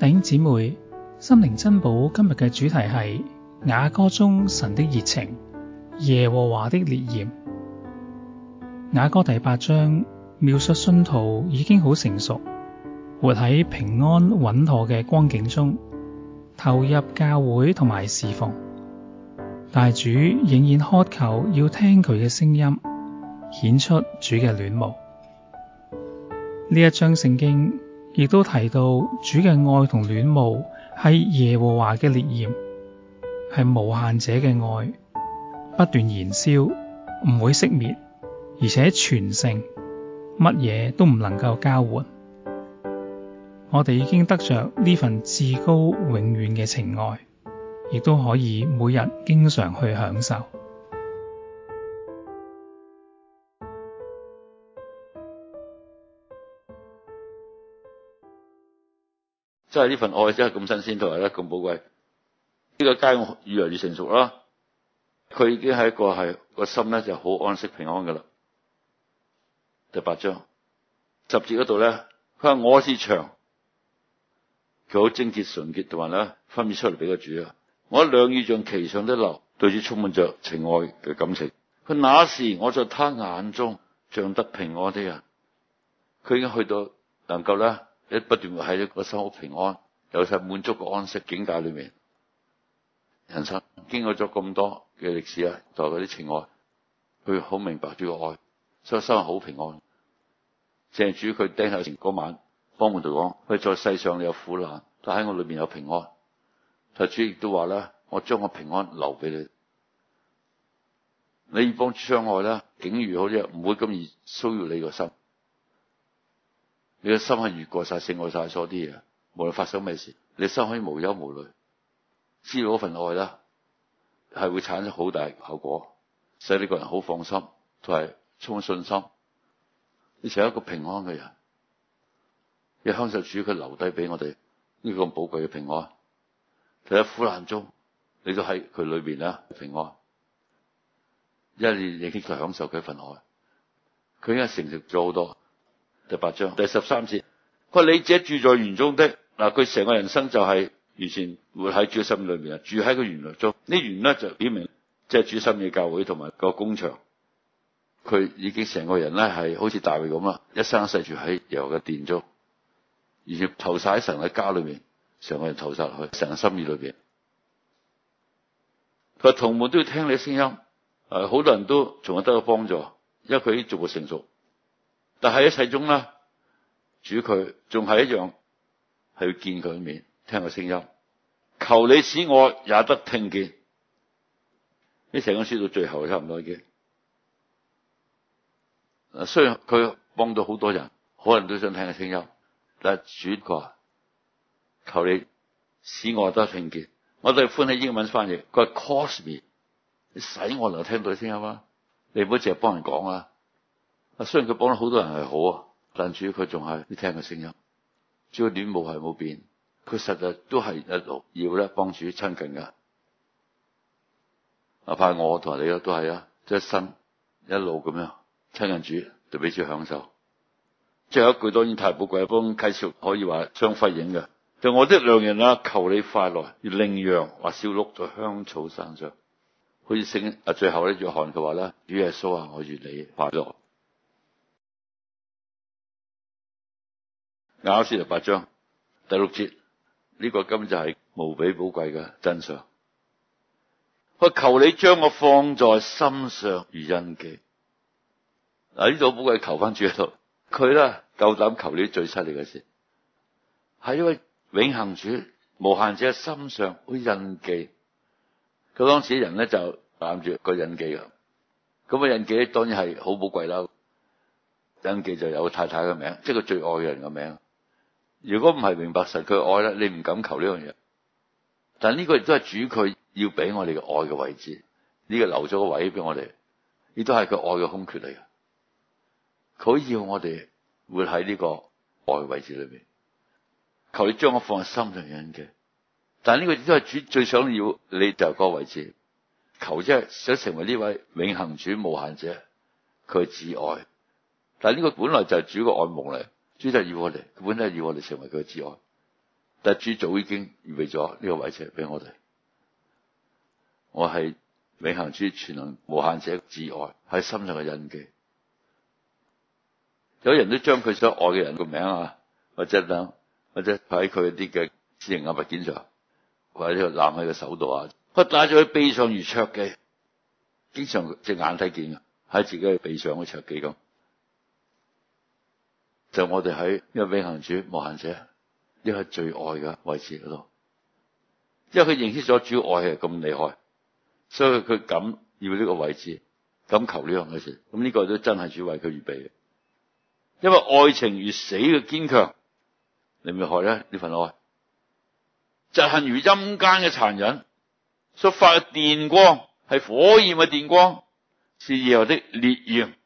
弟兄姊妹，心靈珍寶今日嘅主題係雅歌中神的熱情，耶和華的烈焰。雅歌第八章描述信徒已經好成熟，活喺平安穩妥嘅光景中，投入教會同埋侍奉，大主仍然渴求要聽佢嘅聲音，顯出主嘅戀慕。呢一章聖經。亦都提到主嘅愛同戀慕係耶和華嘅烈焰，係無限者嘅愛，不斷燃燒，唔會熄滅，而且全勝，乜嘢都唔能夠交換。我哋已經得着呢份至高永遠嘅情愛，亦都可以每日經常去享受。但係呢份愛真係咁新鮮，同埋咧咁寶貴。呢、這個街越嚟越成熟啦，佢已經係一個係個心咧就好安息平安噶啦。第八章十節嗰度咧，佢話我是牆，佢好精緻純潔，同埋咧分別出嚟俾個主啊。我兩乳像其上的樓，對住充滿着情愛嘅感情。佢那時我在他眼中像得平安啲人，佢已經去到能夠咧。一不斷喺一個生活平安、有曬滿足嘅安息境界裏面，人生經過咗咁多嘅歷史啊，度過啲情愛，佢好明白主嘅愛，所以生活好平安。正主佢釘下刑嗰晚，幫佢哋講，佢在世上你有苦難，但喺我裏面有平安。但主亦都話咧，我將個平安留俾你，你要幫窗外咧，境遇好似唔會咁易騷擾你個心。你嘅心係越過晒，勝過晒所啲嘢，無論發生咩事，你心可以無憂無慮。知道嗰份愛啦，係會產生好大嘅效果，使你個人好放心同埋充滿信心。你成為一個平安嘅人，你享受主佢留低俾我哋呢個咁寶貴嘅平安。喺苦難中，你都喺佢裏邊啦，平安。因為你已經享受佢份愛，佢而家承受咗好多。第八章第十三節，佢話你這住在園中的嗱，佢成個人生就係完全活喺主嘅心裏面，住喺個園內中。呢園咧就表明即係、就是、主心意教會同埋個工場，佢已經成個人咧係好似大衛咁啦，一生一世住喺由嘅殿中，而且投晒喺神嘅家裏面，成個人投晒落去成個心意裏面。佢話同伴都要聽你嘅聲音，誒，好多人都從我得到幫助，因為佢逐步成熟。但係一切中咧，主佢仲係一樣係要見佢面，聽佢聲音。求你使我也得聽見。呢成本書到最後差唔多嘅，雖然佢幫到好多人，可能都想聽佢聲音。但是主話：求你使我也得聽見。我哋歡喜英文翻譯，佢話 Cause me，你使我能聽到聲音啊！你唔好淨係幫人講啊！啊，雖然佢幫咗好多人係好啊，但主佢仲係你聽佢聲音，主要戀慕係冇變，佢實在都係一路要咧幫主親近噶。啊，怕我同埋你都係啊，一、就、生、是、一路咁樣親近主，就俾主要享受。最後一句當然太寶貴，幫介紹可以話雙輝影嘅。就我啲良人啊，求你快來！如羚羊或小鹿在香草山上，好似聖啊。最後咧，約翰佢話咧，主耶穌啊，我願你快來。雅歌八章第六節呢、這個根本就係無比寶貴嘅真相。佢求你將我放在心上，如印記嗱，呢度寶貴求翻住喺度，佢咧夠膽求你最犀利嘅事，係因為永恒主、無限者嘅心上會印記。佢當時人咧就攬住個印記啊，咁、個印記當然係好寶貴啦。印記就有太太嘅名，即係佢最愛嘅人嘅名。如果唔係明白神佢愛咧，你唔敢求呢樣嘢。但呢個亦都係主佢要俾我哋嘅愛嘅位置，呢個留咗個位俾我哋，亦都係佢愛嘅空缺嚟嘅。佢要我哋活喺呢個愛嘅位置裏面，求你將我放喺心上人嘅。但呢個亦都係主最想要你就個位置，求即係想成為呢位永恆主無限者，佢至愛。但呢個本來就係主嘅愛夢嚟。主就要我哋，本嚟要我哋成為佢嘅摯愛，但主早已經預備咗呢個位置俾我哋。我係永恆主全能無限者摯愛喺心上嘅印記。有人都將佢所愛嘅人個名啊，或者等或者喺佢啲嘅私人物件上，或者喺度攬喺個手度啊。我帶咗佢臂上如戳記，經常隻眼睇見嘅，喺自己嘅臂上嘅戳記咁。就我哋喺呢個永恒主，無限者，呢個最愛嘅位置度，因為佢認識咗主愛係咁厲害，所以佢敢要呢個位置，敢求呢樣嘅事，咁、這、呢個都真係主為佢預備嘅。因為愛情如死嘅堅強，你咪害咧呢份愛，嫉恨如陰間嘅殘忍，所發嘅電光係火焰嘅電光，是耶和華的烈焰。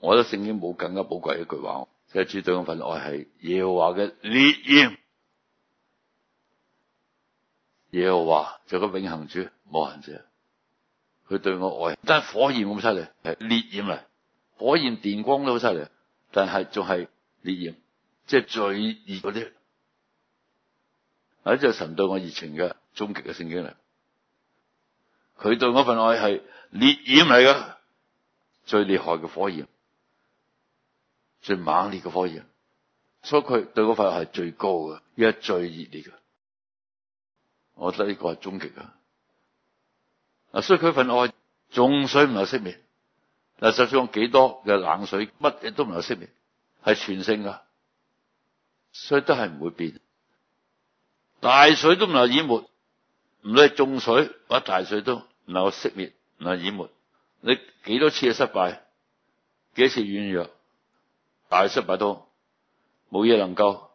我覺得聖經冇更加寶貴一句話，即係主對我份愛係耶和華嘅烈焰。耶和華就個永恆主冇限制，佢對我愛但係火焰咁犀利，係烈焰嚟，火焰電光都好犀利，但係仲係烈焰，即係最熱嗰啲。嗱，就神對我熱情嘅終極嘅聖經嚟，佢對我份愛係烈焰嚟嘅，最厲害嘅火焰。最猛烈嘅火焰，所以佢對嗰份係最高嘅，而家最熱烈嘅。我覺得呢個係終極啊！所以佢份愛，眾水唔能熄滅。嗱，就算幾多嘅冷水，乜嘢都唔能熄滅，係全性㗎。所以都係唔會變。大水都唔能淹沒，唔理係眾水或者大水都唔能熄滅、唔能淹沒。你幾多次嘅失敗，幾次軟弱？大失敗多，冇嘢能夠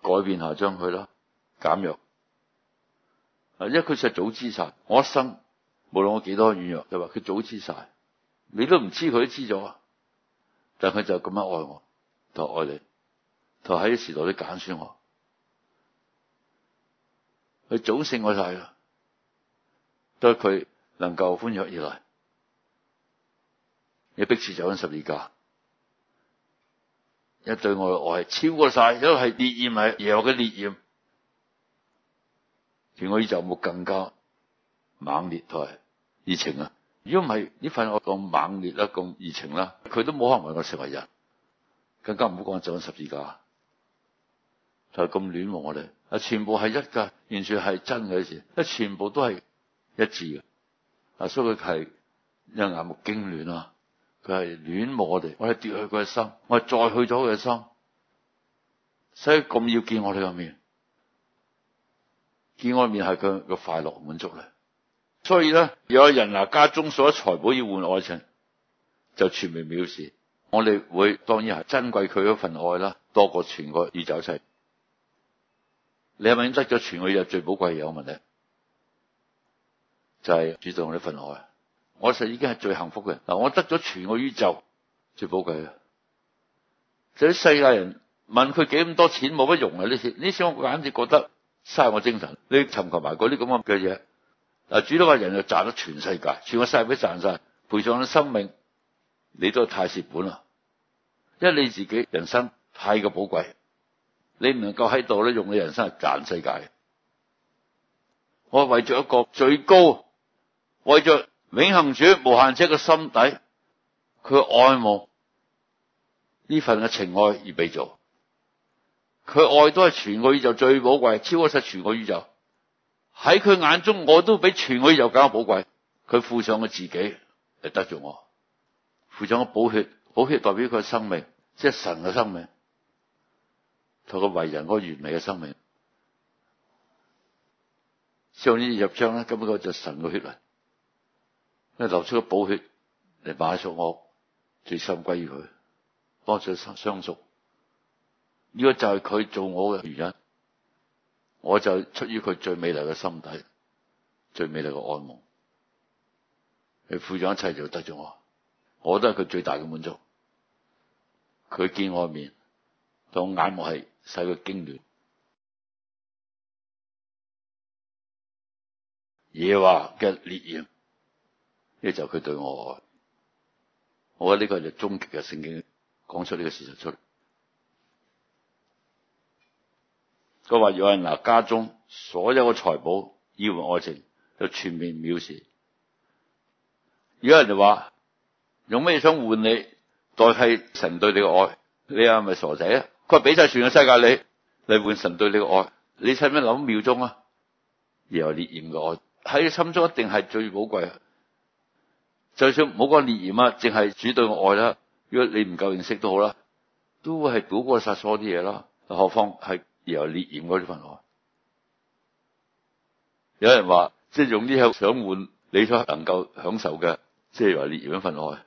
改變下將佢啦，減弱。啊，因為佢實早知晒，我一生無論我幾多軟弱，就話佢早知晒，你都唔知佢都知咗，但佢就咁樣愛我，同愛你，同喺時代都減少我，佢早勝我晒噶，都係佢能夠歡悅而來，你逼住走緊十字架。一對我嘅愛係超過晒，因為係烈焰，係耶和華嘅烈焰，而我呢就冇更加猛烈都係熱情啊！如果唔係呢份愛咁猛烈啦、咁熱情啦，佢都冇可能為我成為人，更加唔好講做緊十字架，就咁暖和我哋啊！全部係一噶，完全係真嘅事，一全部都係一致嘅啊！所以佢係有眼目驚亂啊！佢係戀慕我哋，我哋奪去佢嘅心，我哋再去咗佢嘅心，所以咁要見我哋個面，見我面係佢個快樂滿足啦。所以咧，有個人嗱家中所有財寶要換愛情，就全被藐視。我哋會當然係珍貴佢嗰份愛啦，多過全個宇宙一切。你係咪得咗全個嘢最寶貴嘅嘢？我問你，就係注重我呢份愛。我實已經係最幸福嘅嗱，我得咗全個宇宙最寶貴啊！就啲、是、世界人問佢幾咁多錢冇乜用啊！呢次呢次我簡直覺得嘥我精神，你尋求埋嗰啲咁嘅嘢嗱，主都話人又賺咗全世界，全部世界都賺晒，賠上咗生命，你都太蝕本啦、啊！因為你自己人生太過寶貴，你唔能夠喺度咧用你人生嚟賺世界。我為咗一個最高，為咗。永恆主無限者嘅心底，佢愛慕呢份嘅情愛而被造，佢愛都係全個宇宙最寶貴，超過晒全個宇宙。喺佢眼中，我都比全個宇宙更加寶貴。佢付上，上我自己嚟得住我，付上我寶血，寶血代表佢嘅生命，即係神嘅生命同佢為人嗰個完美嘅生命。上天入章啦，根本就是神嘅血嚟。因為流出個寶血嚟，埋葬我，最深歸於佢，幫助相相屬。呢、這個就係佢做我嘅原因，我就出於佢最美麗嘅心底、最美麗嘅愛慕，佢付咗一切就得咗我，我覺得係佢最大嘅滿足。佢見我面，用眼目係使我驚亂，耶和華嘅烈焰。呢就佢對我愛，我覺得，呢個係最終極嘅聖經講出呢個事實出嚟。佢話：有人拿家中所有嘅財寶要換愛情，都全面藐視。有人就話用咩想換你代替神對你嘅愛，你係咪傻仔啊？佢話俾晒全個世界你，你換神對你嘅愛，你使唔使諗秒鐘啊？然後烈焰嘅愛喺你心中一定係最寶貴。就算冇講烈焰啊，淨係主對我愛啦。如果你唔夠認識都好啦，都會係估過殺錯啲嘢啦。何況係由烈焰嗰啲份愛？有人話即係用呢嘢想換你所能夠享受嘅，即係由烈焰嗰份愛。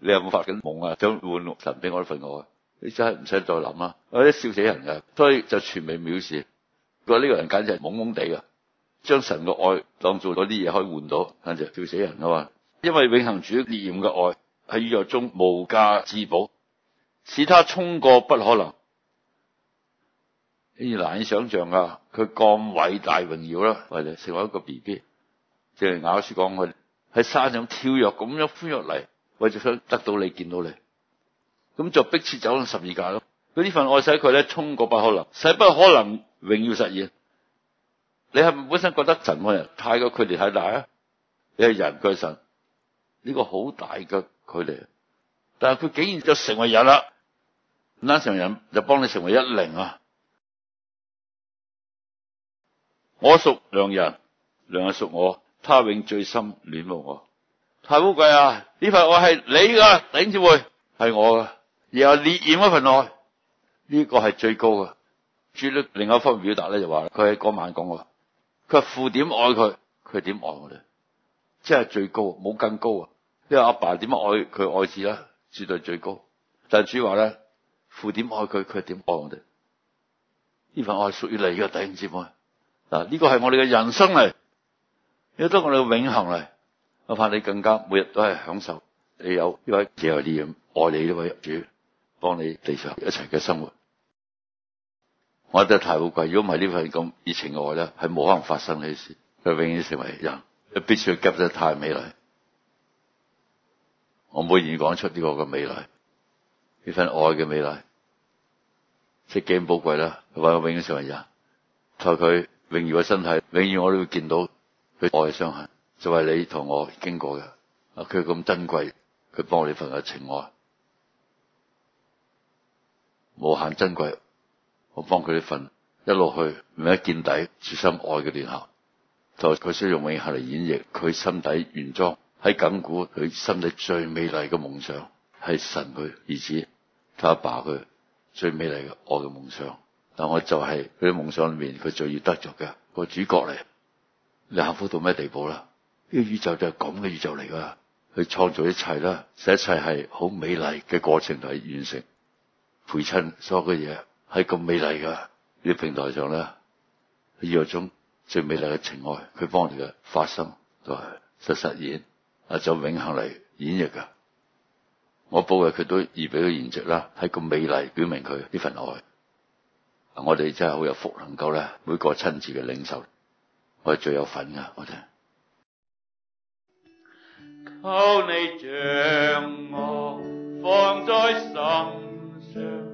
你有冇發緊夢啊？想換神俾我啲份愛？你真係唔使再諗啦！我一笑死人噶，所以就全被藐視。佢話呢個人簡直係懵懵地噶。將神嘅愛當做嗰啲嘢可以換到，簡直笑死人啊嘛！因為永恒主烈焰嘅愛喺宇宙中無價之寶，使他衝過不可能，跟住難以想象啊！佢咁偉大榮耀啦，為你成為一個 B B，淨係咬住講佢喺山上跳躍咁樣歡入嚟，為咗想得到你見到你，咁就逼切走咗十二屆咯。佢呢份愛使佢咧衝過不可能，使不可能榮耀實現。你係唔本身覺得神和人太個距離太大啊？你係人居神，呢、這個好大嘅距離。但係佢竟然就成為人啦，成神人就幫你成為一靈啊！我屬良人，良人屬我，他永最深戀慕我。太寶貴啊！呢份愛係你噶頂住會，係我噶。然後烈焰嗰份愛，呢、這個係最高噶。絕了，另一方面表達咧就話，佢喺嗰晚講我。佢話父點愛佢，佢點愛我哋，即係最高，冇更高啊！因為阿爸點樣愛佢愛子啦，絕對最高。但係主話咧，父點愛佢，佢點愛我哋？呢份愛屬於你嘅，弟兄姊妹嗱，呢個係我哋嘅人生嚟，亦都是我哋嘅永恒嚟。我怕你更加每日都係享受你有呢位只有呢樣愛你呢位主，幫你地上一齊嘅生活。我覺得太寶貴，如果唔係呢份咁熱情愛咧，係冇可能發生呢事。佢永遠成為人，必須要急得太美麗。我每言講出呢個嘅美麗，呢份愛嘅美麗，即係幾寶貴啦。佢話永遠成為人，待佢永遠嘅身體，永遠我都會見到佢愛嘅傷痕，就係、是、你同我經過嘅。佢咁珍貴，佢幫我呢份嘅情愛，無限珍貴。我幫佢啲瞓一路去，唔一見底，最深愛嘅聯合，就佢需要用永恆嚟演繹佢心底原裝喺咁箍佢心底最美麗嘅夢想係神佢兒子佢阿爸佢最美麗嘅愛嘅夢想。但我就係佢啲夢想裏面，佢最要得着嘅個主角嚟，你幸福到咩地步啦？呢個宇宙就係咁嘅宇宙嚟噶啦，去創造一切啦，使一切係好美麗嘅過程嚟完成陪襯所有嘅嘢。喺咁美麗嘅呢個平台上咧，要有種最美麗嘅情愛，佢幫我哋嘅發生，就就實現啊，就永恆嚟演繹啊！我報嘅佢都而俾佢延續啦，係咁美麗，表明佢呢份愛。我哋真係好有福，能夠咧每個親自嘅領受，我係最有份噶，我哋。求你將我放在心上。